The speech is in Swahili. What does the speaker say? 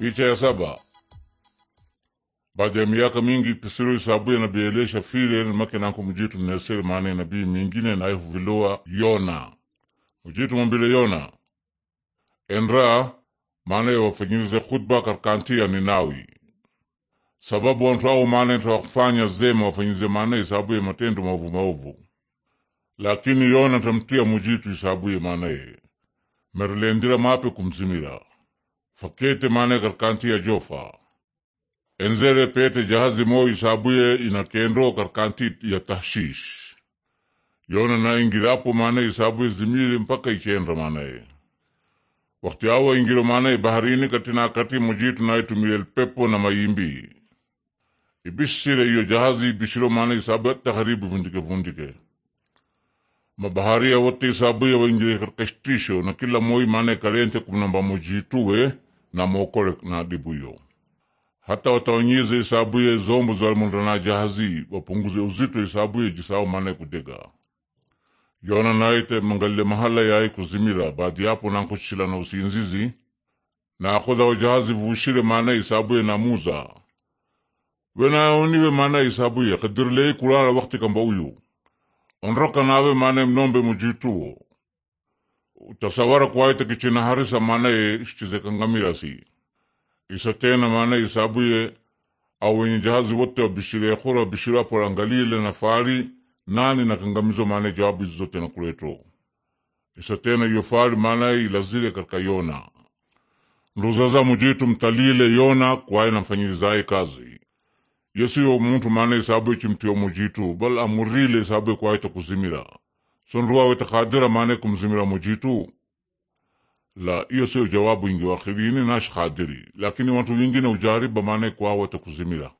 Picha ya saba. Baada ya miaka mingi pisiro isabuya na bielesha na make nanko mujitu mnesele maana nabii mingine naye huviloa Yona mujitu mambile Yona enra maana yawafanyirize khutba ya Ninawi sababu wantu ao maana tawakufanya zema wafanyize maana isabuye matendo maovu maovu lakini Yona tamtia mujitu isabuye maanaye merlendira mape kumzimira fakete karkanti ya jofa enzere pete jahazi mo isabuye ina kar karkanti ya tahshish yona na ingirapo mane isabuye zimiri mpaka ikenda mane wakti awa ingiro mane baharini katina kati mujitu na itumile pepo na mayimbi ibishire iyo jahazi bishiro mane isabuye taharibu vundike vundike mabaharia wote isabuye wa kar karkashtisho na kila moi mane kalente kumnamba mujitu na mokole na dibuyo hata wataonyize isabuye zombo na jahazi wapunguze uzito isabuye jisao mane kudega yona naite mangalile mahala yaye kuzimila baadi yapo nankushila na usinzizi naakoda jahazi vushire maana isabuye muza wenaoniwe maana isabuye kadirilei kulala wakti kamba uyu onroka nawe mane mnombe mujituo tasawara kwaite kichinahari maanaye si isatena maanaye isabuye au wenye jahazi wote wabishiriakura wabishiriaporangalile na fari nani na nakangamizo maanaye jawabu hizo zote nakuleto isatena iyo fari maanaye ilazile katika yona nduzaza mujitu mtalile yona kwaye namfanyizaye kazi yesiyo muntu maanaye isabuye chimtio mujitu bal amurile isabuye kwaye kuzimira sonroa wete khadira mane kumzimira mojitu la iyo siyo jawabu ingi wakhiri ini nash khadiri lakini wantu wingine ujariba mane wete kuzimira